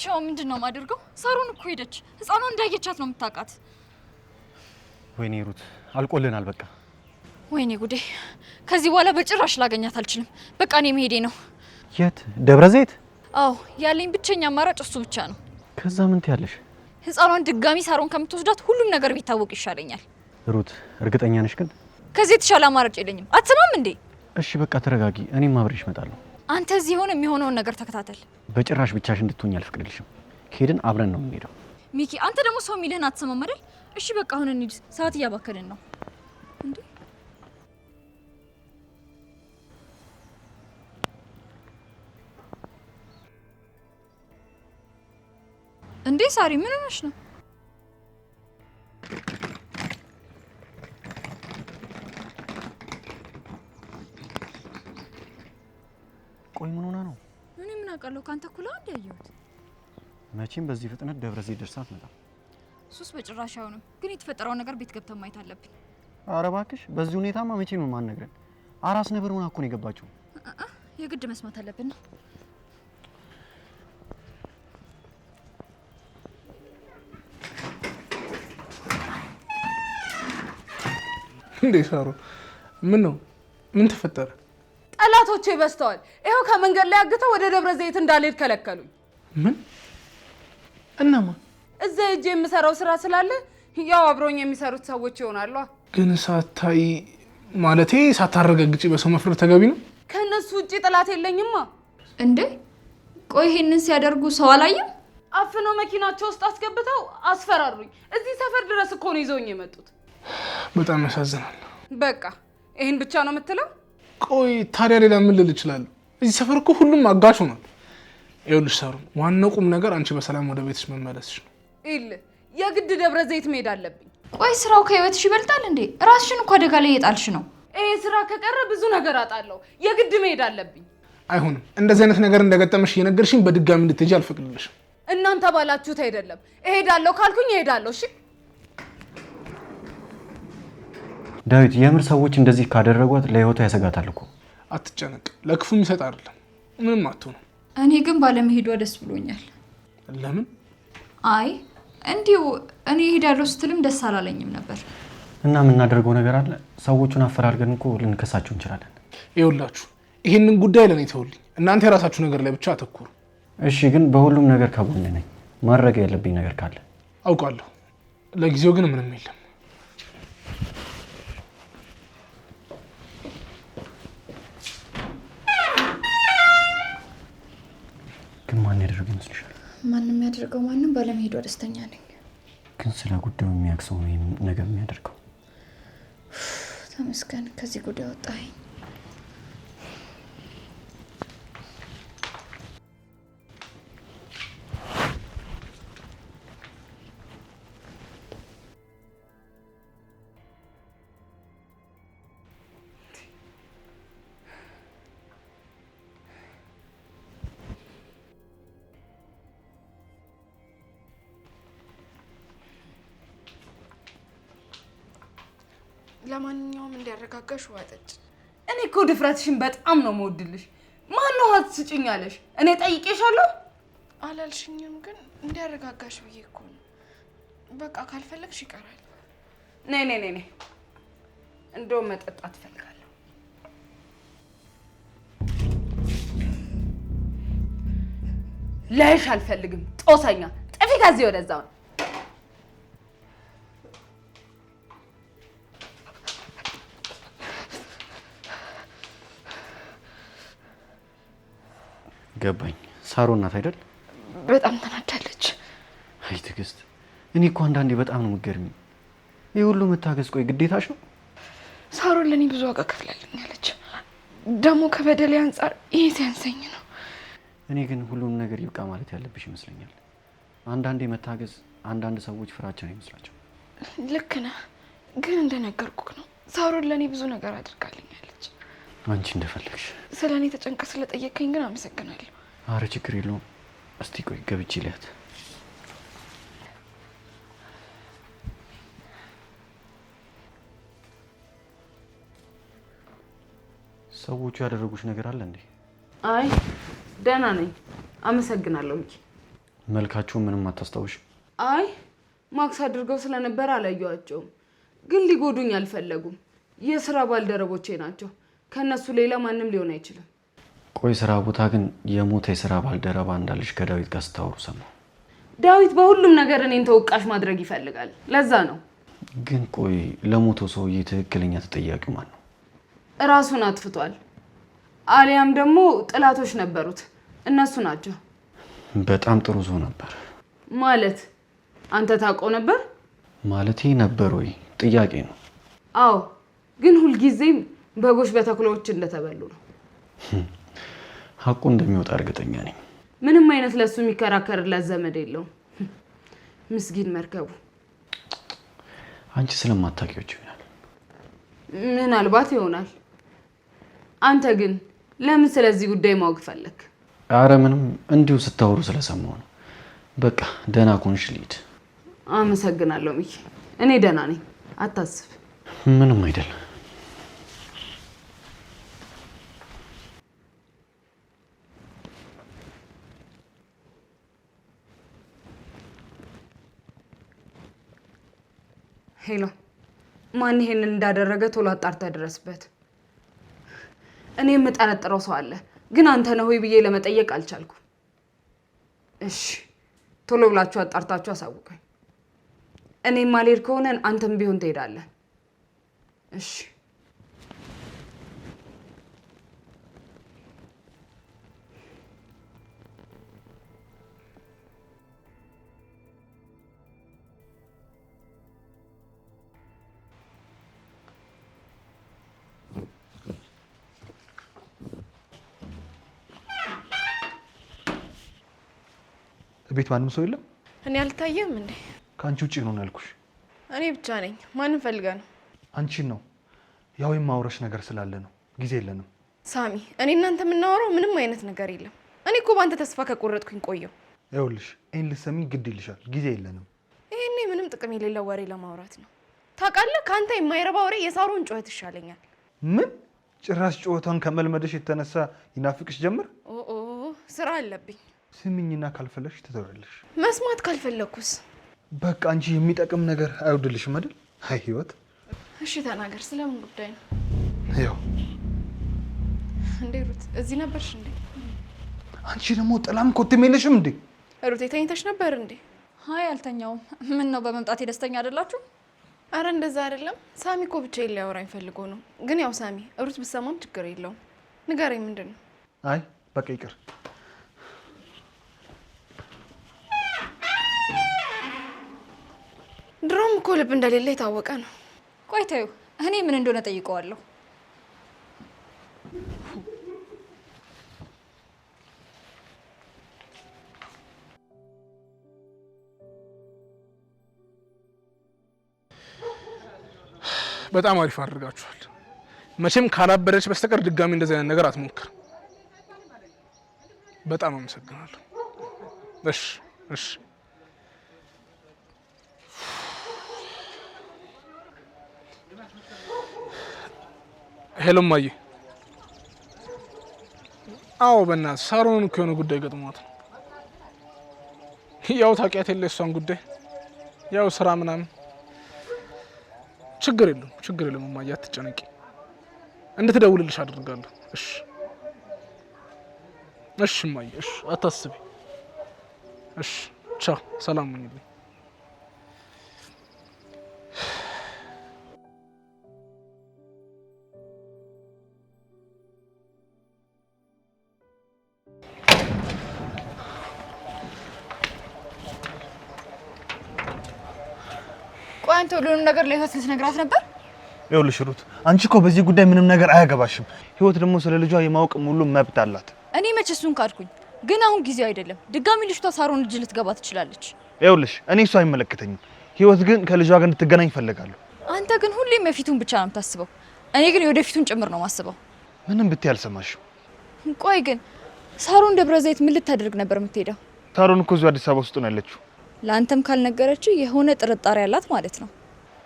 እሺ ምንድን ነው የማደርገው? ሳሩን እኮ ሄደች። ህፃኗ እንዳየቻት ነው የምታውቃት። ወይኔ ሩት አልቆልናል። በቃ ወይኔ ጉዴ! ከዚህ በኋላ በጭራሽ ላገኛት አልችልም። በቃ እኔ መሄዴ ነው። የት? ደብረ ዘይት? አዎ ያለኝ ብቸኛ አማራጭ እሱ ብቻ ነው። ከዛ ምን ትያለሽ? ህፃኗን ድጋሚ ሳሩን ከምትወስዳት ሁሉም ነገር ቢታወቅ ይሻለኛል። ሩት እርግጠኛ ነሽ? ግን ከዚህ የተሻለ አማራጭ የለኝም። አትሰማም እንዴ? እሺ በቃ ተረጋጊ፣ እኔም አብሬሽ እመጣለሁ። አንተ እዚህ ሆነ የሚሆነውን ነገር ተከታተል። በጭራሽ ብቻሽ እንድትሆኝ አልፈቅድልሽም። ከሄድን አብረን ነው የምንሄደው። ሚኪ፣ አንተ ደግሞ ሰው የሚልህን አትሰማም አይደል? እሺ በቃ አሁን እንሂድ፣ ሰዓት እያባከልን ነው። እንዴ እንዴ፣ ሳሪ ምን ሆነሽ ነው? ቆይ ምን ሆና ነው? እኔ ምን አውቃለሁ? ካንተ ኩላ እንደ ያየሁት መቼም በዚህ ፍጥነት ደብረ ዘይት ደርሳ አትመጣም። እሱስ በጭራሽ አይሆንም። ግን የተፈጠረው ነገር ቤት ገብተን ማየት አለብን። አረባክሽ እባክሽ፣ በዚህ ሁኔታማ መቼ ነው ማነግረን? አራስ ነበር ሆና እኮ ነው የገባችው። የግድ መስማት አለብን። እንዴ ሳሩ፣ ምን ነው? ምን ተፈጠረ? ጠላቶቼ በዝተዋል። ይኸው ከመንገድ ላይ አግተው ወደ ደብረ ዘይት እንዳልሄድ ከለከሉኝ። ምን? እናማ እዛ እጅ የምሰራው ስራ ስላለ ያው አብሮኝ የሚሰሩት ሰዎች ይሆናሉ። ግን ሳታይ ማለቴ ሳታረጋግጪ በሰው መፍረድ ተገቢ ነው። ከእነሱ ውጭ ጠላት የለኝማ። እንዴ ቆይ ይሄንን ሲያደርጉ ሰው አላየም? አፍነው መኪናቸው ውስጥ አስገብተው አስፈራሩኝ። እዚህ ሰፈር ድረስ እኮ ነው ይዘውኝ የመጡት። በጣም ያሳዝናል። በቃ ይህን ብቻ ነው የምትለው? ቆይ ታዲያ ሌላ ምን ልል እችላለሁ? እዚህ ሰፈር እኮ ሁሉም አጋች ሆኗል። ይኸውልሽ ሳሩ፣ ዋናው ቁም ነገር አንቺ በሰላም ወደ ቤትሽ መመለስሽ ነው። ል የግድ ደብረ ዘይት መሄድ አለብኝ። ቆይ ስራው ከህይወትሽ ይበልጣል እንዴ? ራስሽን እኮ አደጋ ላይ የጣልሽ ነው። ይህ ስራ ከቀረ ብዙ ነገር አጣለሁ። የግድ መሄድ አለብኝ። አይሁንም። እንደዚህ አይነት ነገር እንደገጠመሽ እየነገርሽኝ በድጋሚ እንድትሄጂ አልፈቅድልሽም። እናንተ ባላችሁት አይደለም። እሄዳለሁ ካልኩኝ እሄዳለሁ። እሺ ዳዊት የምር ሰዎች እንደዚህ ካደረጓት ለህይወቷ ያሰጋታል እኮ። አትጨነቅ፣ ለክፉ የሚሰጥ አይደለም። ምንም አትሆንም። እኔ ግን ባለመሄዷ ደስ ብሎኛል። ለምን? አይ እንዲሁ እኔ እሄዳለሁ ስትልም ደስ አላለኝም ነበር። እና የምናደርገው ነገር አለ። ሰዎቹን አፈላልገን እኮ ልንከሳችሁ እንችላለን። ይኸውላችሁ፣ ይህንን ጉዳይ ለእኔ ተውልኝ። እናንተ የራሳችሁ ነገር ላይ ብቻ አተኩሩ። እሺ፣ ግን በሁሉም ነገር ከጎን ነኝ። ማድረግ ያለብኝ ነገር ካለ አውቃለሁ። ለጊዜው ግን ምንም የለም። ማን ያደረገው ይመስልሻል? ማንም የሚያደርገው ማንም፣ ባለመሄዷ ደስተኛ ነኝ። ግን ስለ ጉዳዩ የሚያውቅ ነው ነገር የሚያደርገው። ተመስገን፣ ከዚህ ጉዳይ ወጣኸኝ። ለማንኛውም እንዲያረጋጋሽ ውሃ ጠጪ። እኔ እኮ ድፍረትሽን በጣም ነው መወድልሽ። ማን ነው ውሃ ትስጭኝ አለሽ? እኔ ጠይቄሻለሁ አላልሽኝም? ግን እንዲያረጋጋሽ ብዬ እኮ ነው። በቃ ካልፈለግሽ ይቀራል። ነይ ነይ ነይ ነይ። እንደውም መጠጣት እፈልጋለሁ። ላይሽ አልፈልግም። ጦሰኛ ጥፊ ከዚህ ወደዛው ነው ገባኝ። ሳሮ እናት አይደል? በጣም ተናዳለች። አይ ትዕግስት፣ እኔ እኮ አንዳንዴ በጣም ነው የምትገርሚኝ። ይህ ሁሉ መታገዝ ቆይ ግዴታሽ ነው? ሳሮን ለእኔ ብዙ ዋጋ ከፍላልኛለች። ደግሞ ከበደሌ አንጻር ይሄ ሲያንሰኝ ነው። እኔ ግን ሁሉም ነገር ይብቃ ማለት ያለብሽ ይመስለኛል። አንዳንዴ መታገዝ አንዳንድ ሰዎች ፍራቻ ነው ይመስላቸው። ልክ ነህ፣ ግን እንደነገርኩህ ነው። ሳሮን ለእኔ ብዙ ነገር አድርጋልኛለች። አንቺ እንደፈለግሽ። ስለ እኔ ተጨንቀ ስለጠየቀኝ ግን አመሰግናለሁ። አረ ችግር የለውም። እስቲ ቆይ ገብቼ ልያት። ሰዎቹ ያደረጉች ነገር አለ እንዴ? አይ ደህና ነኝ፣ አመሰግናለሁ። እንጂ መልካችሁን ምንም አታስታውሽ? አይ ማክስ አድርገው ስለነበር አላየኋቸውም፣ ግን ሊጎዱኝ አልፈለጉም። የስራ ባልደረቦቼ ናቸው። ከእነሱ ሌላ ማንም ሊሆን አይችልም። ቆይ ስራ ቦታ ግን የሞተ የስራ ባልደረባ እንዳለሽ ከዳዊት ጋር ስታወሩ ሰማሁ። ዳዊት በሁሉም ነገር እኔን ተወቃሽ ማድረግ ይፈልጋል። ለዛ ነው። ግን ቆይ ለሞተው ሰውዬ ትክክለኛ ተጠያቂው ማን ነው? እራሱን አጥፍቷል አሊያም ደግሞ ጥላቶች ነበሩት፣ እነሱ ናቸው። በጣም ጥሩ ሰው ነበር ማለት አንተ ታውቀው ነበር ማለት ነበር ወይ? ጥያቄ ነው። አዎ፣ ግን ሁልጊዜም በጎች በተኩላዎች እንደተበሉ ነው። ሀቁ እንደሚወጣ እርግጠኛ ነኝ። ምንም አይነት ለሱ የሚከራከርላት ዘመድ የለውም። ምስጊን መርከቡ። አንቺ ስለማታውቂዎች ይሆናል። ምናልባት ይሆናል። አንተ ግን ለምን ስለዚህ ጉዳይ ማወቅ ፈለግ? አረ ምንም፣ እንዲሁ ስታወሩ ስለሰማሁ ነው። በቃ ደህና ኮንሽ፣ ልሂድ። አመሰግናለሁ ሚኪ፣ እኔ ደህና ነኝ፣ አታስብ። ምንም አይደለም። ሄሎ፣ ማን ይሄንን እንዳደረገ ቶሎ አጣርተህ ድረስበት። እኔ የምጠረጥረው ሰው አለ፣ ግን አንተ ነህ ወይ ብዬ ለመጠየቅ አልቻልኩም። እሺ፣ ቶሎ ብላችሁ አጣርታችሁ አሳውቀኝ። እኔም አልሄድ ከሆነን አንተም ቢሆን ትሄዳለህ። እሺ ቤት ማንም ሰው የለም? እኔ አልታየም እንዴ? ከአንቺ ውጭ ነው ያልኩሽ። እኔ ብቻ ነኝ። ማንም ፈልጋ ነው? አንቺን ነው። ያው የማውረሽ ነገር ስላለ ነው። ጊዜ የለንም ሳሚ። እኔ እናንተ የምናወራው ምንም አይነት ነገር የለም። እኔ እኮ በአንተ ተስፋ ከቆረጥኩኝ ቆየው። ይኸውልሽ፣ ይህን ልትሰሚኝ ግድ ይልሻል። ጊዜ የለንም። ይህኔ ምንም ጥቅም የሌለው ወሬ ለማውራት ነው። ታውቃለህ፣ ከአንተ የማይረባ ወሬ የሳሮን ጩኸት ይሻለኛል። ምን ጭራሽ ጩኸቷን ከመልመደሽ የተነሳ ይናፍቅሽ ጀምር። ስራ አለብኝ ስምኝና ካልፈለግሽ ትተውልሽ። መስማት ካልፈለግኩስ? በቃ አንቺ የሚጠቅም ነገር አይወድልሽም አይደል? አይ ህይወት። እሺ ተናገር፣ ስለምን ጉዳይ ነው? ያው እንዴ ሩት፣ እዚህ ነበርሽ እንዴ? አንቺ ደግሞ ጥላም ኮትም የለሽም እንዴ? ሩት የተኝተሽ ነበር እንዴ? አይ አልተኛውም። ምን ነው በመምጣት ደስተኛ አይደላችሁ? አረ እንደዛ አይደለም። ሳሚ እኮ ብቻ ሊያወራኝ ፈልጎ ነው። ግን ያው ሳሚ ሩት ብሰማም ችግር የለውም። ንገረኝ፣ ምንድን ነው? አይ በቃ ይቅር ድሮም እኮ ልብ እንደሌለ የታወቀ ነው። ቆይ ተይው፣ እኔ ምን እንደሆነ ጠይቀዋለሁ። በጣም አሪፍ አድርጋችኋል። መቼም ካላበደች በስተቀር ድጋሚ እንደዚህ አይነት ነገር አትሞክር። በጣም አመሰግናለሁ። እሺ እሺ። ሄሎ እማዬ። አዎ በእናትህ ሳሮንን እኮ የሆነ ጉዳይ ገጥሟት ነው። ያው ታውቂያት የለ እሷን ጉዳይ ያው ስራ ምናምን። ችግር የለም ችግር የለም እማዬ፣ አትጨነቂ። እንድትደውልልሽ አድርጋለሁ። እሺ እሺ እማዬ፣ እሺ አታስቢ። እሺ ቻው፣ ሰላም ሁኚልኝ። አንተ ሁሉንም ነገር ለህይወት ልትነግራት ነበር? ይኸውልሽ ሩት፣ አንቺ እኮ በዚህ ጉዳይ ምንም ነገር አያገባሽም። ህይወት ደግሞ ስለ ልጇ የማወቅ ሙሉ መብት አላት። እኔ መቼ እሱን ካድኩኝ? ግን አሁን ጊዜው አይደለም። ድጋሚ ልጅቷ ሳሮን እጅ ልትገባ ትችላለች። ይኸውልሽ፣ እኔ እሱ አይመለከተኝም። ህይወት ግን ከልጇ ጋር እንድትገናኝ እፈልጋለሁ። አንተ ግን ሁሌም የፊቱን ብቻ ነው የምታስበው። እኔ ግን የወደፊቱን ጭምር ነው ማስበው። ምንም ብትይ አልሰማሽም። ቆይ ግን ሳሮን ደብረ ዘይት ምን ልታደርግ ነበር የምትሄደው? ሳሮን እኮ እዚሁ አዲስ አበባ ውስጥ ነው ያለችው። ለአንተም ካልነገረችው የሆነ ጥርጣሬ አላት ማለት ነው።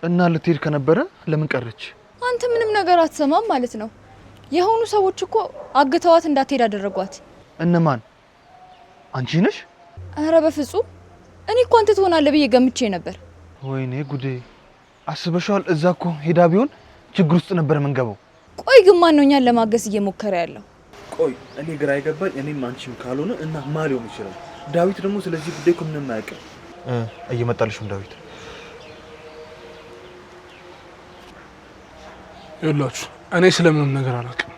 እና ልትሄድ ከነበረ ለምን ቀረች? አንተ ምንም ነገር አትሰማም ማለት ነው። የሆኑ ሰዎች እኮ አግተዋት እንዳትሄድ አደረጓት። እነማን? አንቺ ነሽ? አረ በፍጹም እኔ እኮ አንተ ትሆናለህ ብዬ ገምቼ ነበር። ወይኔ ጉዴ! አስበሻል? እዛ እኮ ሄዳ ቢሆን ችግር ውስጥ ነበር የምንገባው። ቆይ ግን ማን ነው እኛን ለማገስ እየሞከረ ያለው? ቆይ እኔ ግራ የገባኝ እኔም አንቺም ካልሆነ እና ማ ሊሆን ይችላል? ዳዊት ደግሞ ስለዚህ ጉዳይ እኮ ምንም አያውቅም። እየመጣልሽም ዳዊት ይኸውላችሁ እኔ ስለምንም ነገር አላውቅም።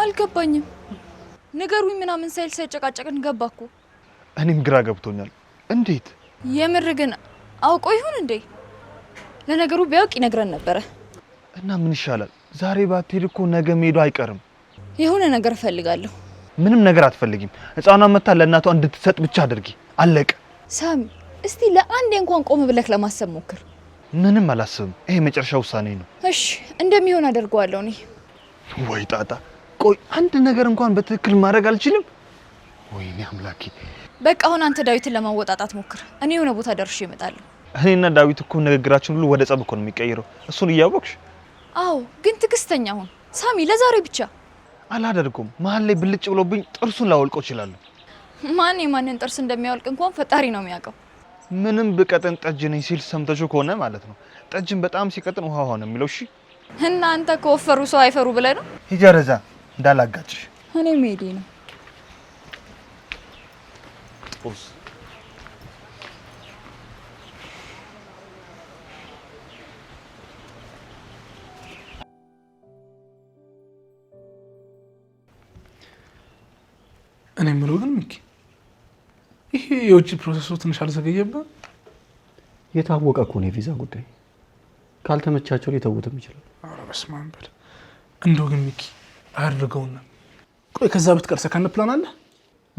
አልገባኝም። ንገሩኝ ምናምን ሳይል ሳይጨቃጨቅን ገባ እኮ። እኔም ግራ ገብቶኛል። እንዴት የምር ግን አውቆ ይሁን እንዴ? ለነገሩ ቢያውቅ ይነግረን ነበረ። እና ምን ይሻላል? ዛሬ ባትሄድ እኮ ነገ መሄዱ አይቀርም። የሆነ ነገር እፈልጋለሁ። ምንም ነገር አትፈልጊም። ሕፃኗን መታ ለእናቷ እንድትሰጥ ብቻ አድርጊ። አለቀ። ሳሚ፣ እስቲ ለአንዴ እንኳን ቆም ብለክ ለማሰብ ሞክር። ምንም አላስብም። ይሄ የመጨረሻ ውሳኔ ነው። እሺ፣ እንደሚሆን አደርገዋለሁ እኔ። ወይ ጣጣ! ቆይ አንድ ነገር እንኳን በትክክል ማድረግ አልችልም። ወይኔ አምላኬ! በቃ አሁን አንተ ዳዊትን ለማወጣጣት ሞክር። እኔ የሆነ ቦታ ደርሼ እመጣለሁ። እኔና ዳዊት እኮ ንግግራችን ሁሉ ወደ ጸብ እኮ ነው የሚቀይረው። እሱን እያወቅሽ። አዎ፣ ግን ትዕግስተኛ ሁን ሳሚ፣ ለዛሬ ብቻ። አላደርገውም። መሀል ላይ ብልጭ ብሎብኝ ጥርሱን ላወልቀው እችላለሁ። ማን የማንን ጥርስ እንደሚያወልቅ እንኳን ፈጣሪ ነው የሚያውቀው። ምንም ብቀጥን ጠጅ ነኝ ሲል ሰምተሹ ከሆነ ማለት ነው። ጠጅን በጣም ሲቀጥን ውሃ ሆነ የሚለው። እሺ እናንተ ከወፈሩ ሰው አይፈሩ ብለህ ነው። ሂጂ ረዛ እንዳላጋጭሽ። እኔ መሄዴ ነው። እኔ የምለው ግን ሚኪ ይሄ የውጭ ፕሮሰሱ ትንሽ አልዘገየብህ? የታወቀ እኮ ነው የቪዛ ጉዳይ። ካልተመቻቸው ሊተውትም ይችላል። ኧረ በስመ አብ በል። እንደው ግን ሚኪ አያድርገውና። ቆይ ከዛ ብትቀርሰ ከን ፕላን አለ?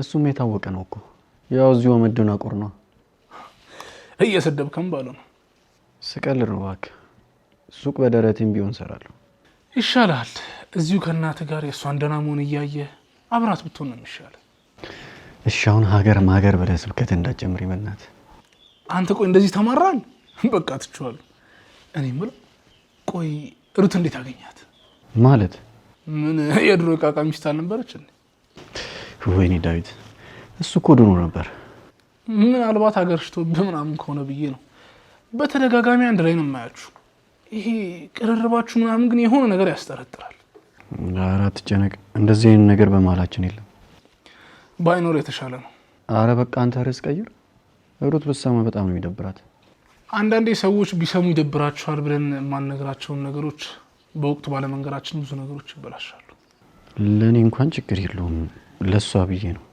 እሱም የታወቀ ነው እኮ ያው እዚሁ መደናቆር ነው። እየሰደብከም ባለው ነው። ስቀልድ ነው እባክህ። ሱቅ በደረቴም ቢሆን እሰራለሁ። ይሻላል። እዚሁ ከእናትህ ጋር የእሷን ደህና መሆን እያየ አብራት ብትሆን ነው የሚሻለው። እሻውን ሀገር ማገር ብለህ ስብከት እንዳትጨምሪ ይመናት። አንተ ቆይ እንደዚህ ተማራል። በቃ ትችዋሉ። እኔ የምልህ ቆይ ሩት እንዴት አገኛት? ማለት ምን የድሮ ቃቃ ሚስት አልነበረች? ወይኔ ዳዊት፣ እሱ እኮ ድኖ ነበር። ምናልባት ሀገር ሽቶ ምናምን ከሆነ ብዬ ነው። በተደጋጋሚ አንድ ላይ ነው የማያችሁ። ይሄ ቅርርባችሁ ምናምን ግን የሆነ ነገር ያስጠረጥራል። አራት ጨነቅ እንደዚህ አይነት ነገር በመሀላችን የለም። ባይኖር የተሻለ ነው። አረ በቃ አንተ ርዕስ ቀይር። ሩት በሰማ በጣም ነው የሚደብራት። አንዳንዴ ሰዎች ቢሰሙ ይደብራቸዋል ብለን የማንነግራቸውን ነገሮች በወቅቱ ባለመንገራችን ብዙ ነገሮች ይበላሻሉ። ለእኔ እንኳን ችግር የለውም ለእሷ ብዬ ነው።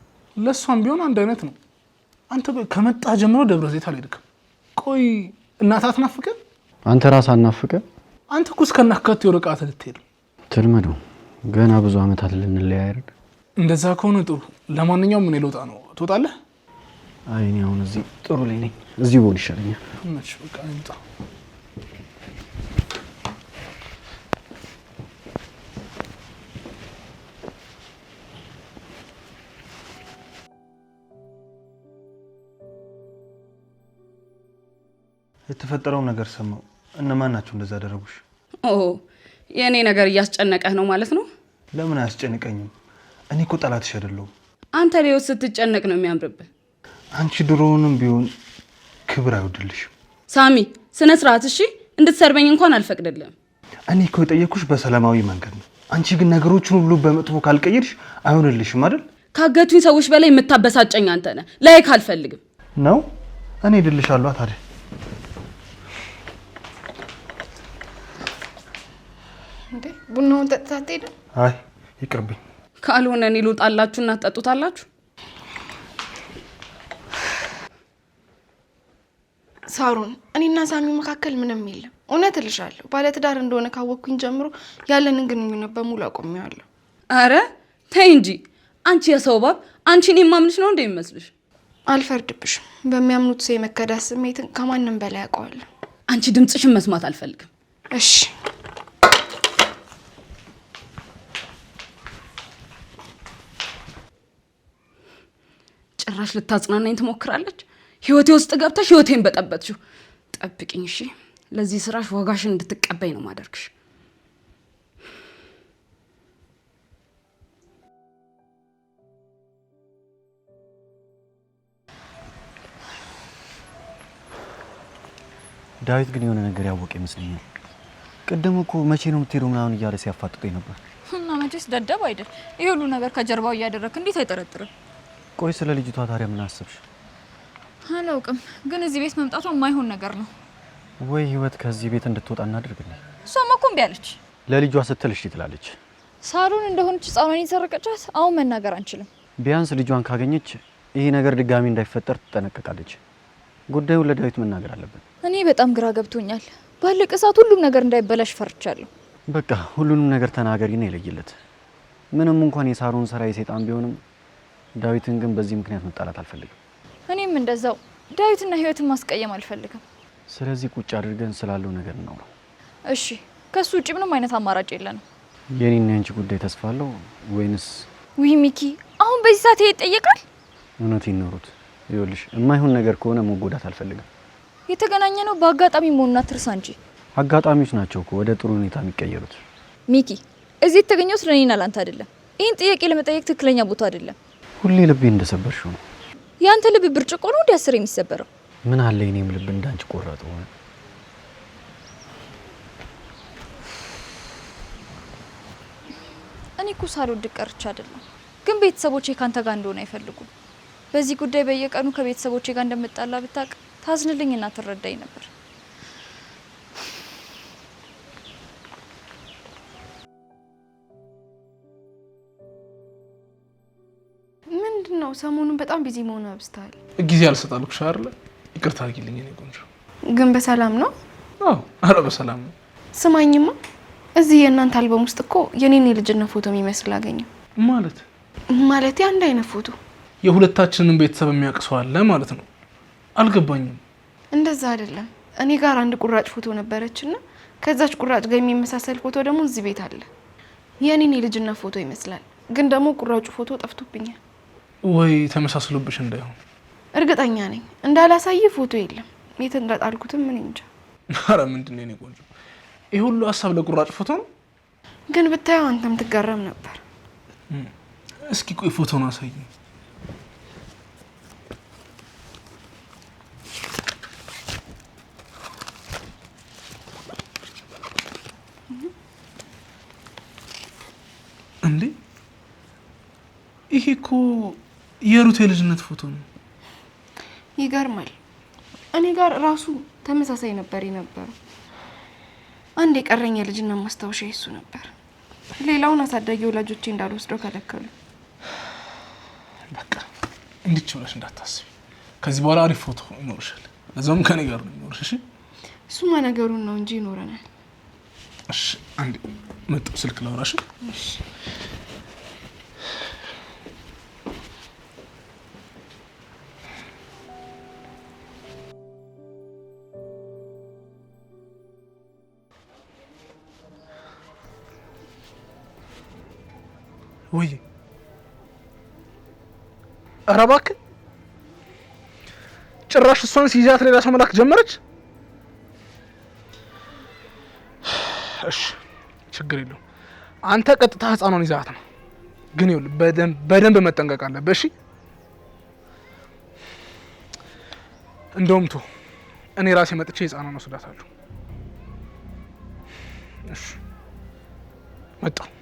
ለእሷም ቢሆን አንድ አይነት ነው። አንተ ከመጣ ጀምሮ ደብረ ዘይት አልሄድክም። ቆይ እናት አትናፍቀ? አንተ ራስ አናፍቀ? አንተ እኮ እስከናካቴው ርቃት ልትሄድ ትልም ነው። ገና ብዙ ዓመታት አይደል? እንደዛ ከሆነ ጥሩ። ለማንኛውም ምን ልወጣ ነው። ትወጣለህ? አይ እኔ አሁን እዚህ ጥሩ ላይ ነኝ። እዚህ ብሆን ይሻለኛል። የተፈጠረውን ነገር ሰማው። እነማን ናቸው እንደዛ ያደረጉሽ? ኦ የእኔ ነገር እያስጨነቀህ ነው ማለት ነው። ለምን አያስጨንቀኝም? እኔ እኮ ጠላትሽ አይደለሁም። አንተ ሌው ስትጨነቅ ነው የሚያምርብህ። አንቺ ድሮውንም ቢሆን ክብር አይወድልሽም። ሳሚ ስነ ስርዓት እሺ። እንድትሰርበኝ እንኳን አልፈቅድልም። እኔ እኮ የጠየኩሽ በሰላማዊ መንገድ ነው። አንቺ ግን ነገሮችን ሁሉ በመጥፎ ካልቀየርሽ አይሆንልሽም አይደል? ካገቱኝ ሰዎች በላይ የምታበሳጨኝ አንተ ነህ። ላይክ አልፈልግም ነው እኔ እድልሻለሁ ታዲያ ቡናውን ጠጥታ ትሄደ። አይ ይቅርብኝ። ካልሆነ እኔ እና ትጠጡታላችሁ። ሳሮን፣ እኔና ሳሚ መካከል ምንም የለም። እውነት እልሻለሁ፣ ባለትዳር እንደሆነ ካወቅኩኝ ጀምሮ ያለንን ግንኙነት በሙሉ አቆሚዋለሁ። አረ ተይ እንጂ አንቺ የሰው ባብ፣ አንቺ እኔ የማምንሽ ነው እንዴ ይመስልሽ? አልፈርድብሽም። በሚያምኑት ሰው የመከዳት ስሜትን ከማንም በላይ ያውቀዋለሁ። አንቺ ድምፅሽን መስማት አልፈልግም። እሺ ጭራሽ ልታጽናናኝ ትሞክራለች። ህይወቴ ውስጥ ገብተሽ ህይወቴን በጠበጥሽው። ጠብቅኝ እሺ። ለዚህ ስራሽ ዋጋሽን እንድትቀበይ ነው ማደርግሽ። ዳዊት ግን የሆነ ነገር ያወቀ ይመስለኛል። ቅድም እኮ መቼ ነው የምትሄደው ምናምን እያለ ሲያፋጥጠኝ ነበር። እና መቼስ ደደብ አይደል? ይህ ሁሉ ነገር ከጀርባው እያደረግክ እንዴት አይጠረጥርም? ቆይ ስለ ልጅቷ ታዲያ ምን አሰብሽ? አላውቅም፣ ግን እዚህ ቤት መምጣቷ የማይሆን ነገር ነው። ወይ ህይወት ከዚህ ቤት እንድትወጣ እናድርግልኝ። እሷማ እኮ እምቢ አለች። ለልጇ ስትል እሺ ትላለች። ሳሩን እንደሆነች ህጻኗን የሰረቀቻት አሁን መናገር አንችልም። ቢያንስ ልጇን ካገኘች ይሄ ነገር ድጋሚ እንዳይፈጠር ትጠነቀቃለች። ጉዳዩን ለዳዊት መናገር አለብን። እኔ በጣም ግራ ገብቶኛል። ባለቀ ሰዓት ሁሉም ነገር እንዳይበላሽ ፈርቻለሁ። በቃ ሁሉንም ነገር ተናገሪና ይለይለት። ምንም እንኳን የሳሩን ስራ የሰይጣን ቢሆንም ዳዊትን ግን በዚህ ምክንያት መጣላት አልፈልግም። እኔም እንደዛው ዳዊትና ህይወትን ማስቀየም አልፈልግም። ስለዚህ ቁጭ አድርገን ስላለው ነገር እናውራው። እሺ፣ ከሱ ውጭ ምንም አይነት አማራጭ የለንም። የኔና ያንቺ ጉዳይ ተስፋ አለው ወይንስ? ውይ ሚኪ፣ አሁን በዚህ ሰዓት ይሄ ይጠየቃል? እውነት ይኖሩት። ይኸውልሽ፣ የማይሆን ነገር ከሆነ መጎዳት አልፈልግም። የተገናኘ ነው በአጋጣሚ መሆኑን አትርሳ እንጂ። አጋጣሚዎች ናቸው እኮ ወደ ጥሩ ሁኔታ የሚቀየሩት። ሚኪ፣ እዚህ የተገኘው እኔና ላንተ አይደለም። ይህን ጥያቄ ለመጠየቅ ትክክለኛ ቦታ አይደለም። ሁሌ ልቤ እንደሰበርሽው ነው። ያንተ ልብ ብርጭቆ ነው እንዲ አስር የሚሰበረው ምን አለ እኔም ልብ እንዳንቺ ቆራጥ ሆነ። እኔ እኮ ሳልወድቅ ቀርቼ አይደለም፣ ግን ቤተሰቦቼ ካንተ ጋር እንደሆነ አይፈልጉም። በዚህ ጉዳይ በየቀኑ ከቤተሰቦቼ ጋር እንደምጣላ ብታቅ ታዝንልኝና ትረዳኝ ነበር። ሰሞኑን በጣም ቢዚ መሆኑ አብስተሃል። ጊዜ አልሰጣልኩሽ አይደለ? ይቅርታ አድርጊልኝ የኔ ቆንጆ። ግን በሰላም ነው? አዎ፣ አረ በሰላም ነው። ስማኝማ እዚህ የእናንተ አልበም ውስጥ እኮ የኔን የልጅነት ፎቶ የሚመስል አገኘው። ማለት ማለት አንድ አይነት ፎቶ የሁለታችንን ቤተሰብ የሚያቅሰው አለ ማለት ነው። አልገባኝም። እንደዛ አይደለም። እኔ ጋር አንድ ቁራጭ ፎቶ ነበረችና ከዛች ቁራጭ ጋር የሚመሳሰል ፎቶ ደግሞ እዚህ ቤት አለ። የኔን የልጅነት ፎቶ ይመስላል። ግን ደግሞ ቁራጩ ፎቶ ጠፍቶብኛል። ወይ ተመሳስሎብሽ እንዳይሆን እርግጠኛ ነኝ። እንዳላሳይ ፎቶ የለም። የት እንዳጣልኩትም ምን እንጃ። አረ ምንድን ነው ቆንጆ፣ ይህ ሁሉ ሀሳብ ለቁራጭ ፎቶ ነው። ግን ብታየው አንተም ትገረም ነበር። እስኪ ቆይ ፎቶን አሳይ። እንዴ ይሄ እኮ የሩት የልጅነት ፎቶ ነው። ይገርማል። እኔ ጋር ራሱ ተመሳሳይ ነበር ነበር። አንድ የቀረኝ የልጅነት ማስታወሻ ይሱ ነበር። ሌላውን አሳዳጊ ወላጆቼ እንዳልወስደው ከለከሉ። በቃ እንዲች ብለሽ እንዳታስቢ። ከዚህ በኋላ አሪፍ ፎቶ ይኖርሻል። ለዛውም ከኔ ጋር ነው ይኖርሽ። እሺ። እሱማ ነገሩን ነው እንጂ ይኖረናል። እሺ። አንድ መጣሁ፣ ስልክ ላውራሽ። እሺ ወይ ኧረ እባክህ ጭራሽ እሷን ሲይዛት ሌላ ሰው መላክ ጀመረች። እሺ ችግር የለውም። አንተ ቀጥታ ህፃኗን ይዛት ነው፣ ግን ይኸውልህ በደንብ መጠንቀቅ አለብህ። እሺ እንደውም ቶ እኔ ራሴ መጥቼ ህፃኗን ወስዳታለሁ። እሺ መጣሁ።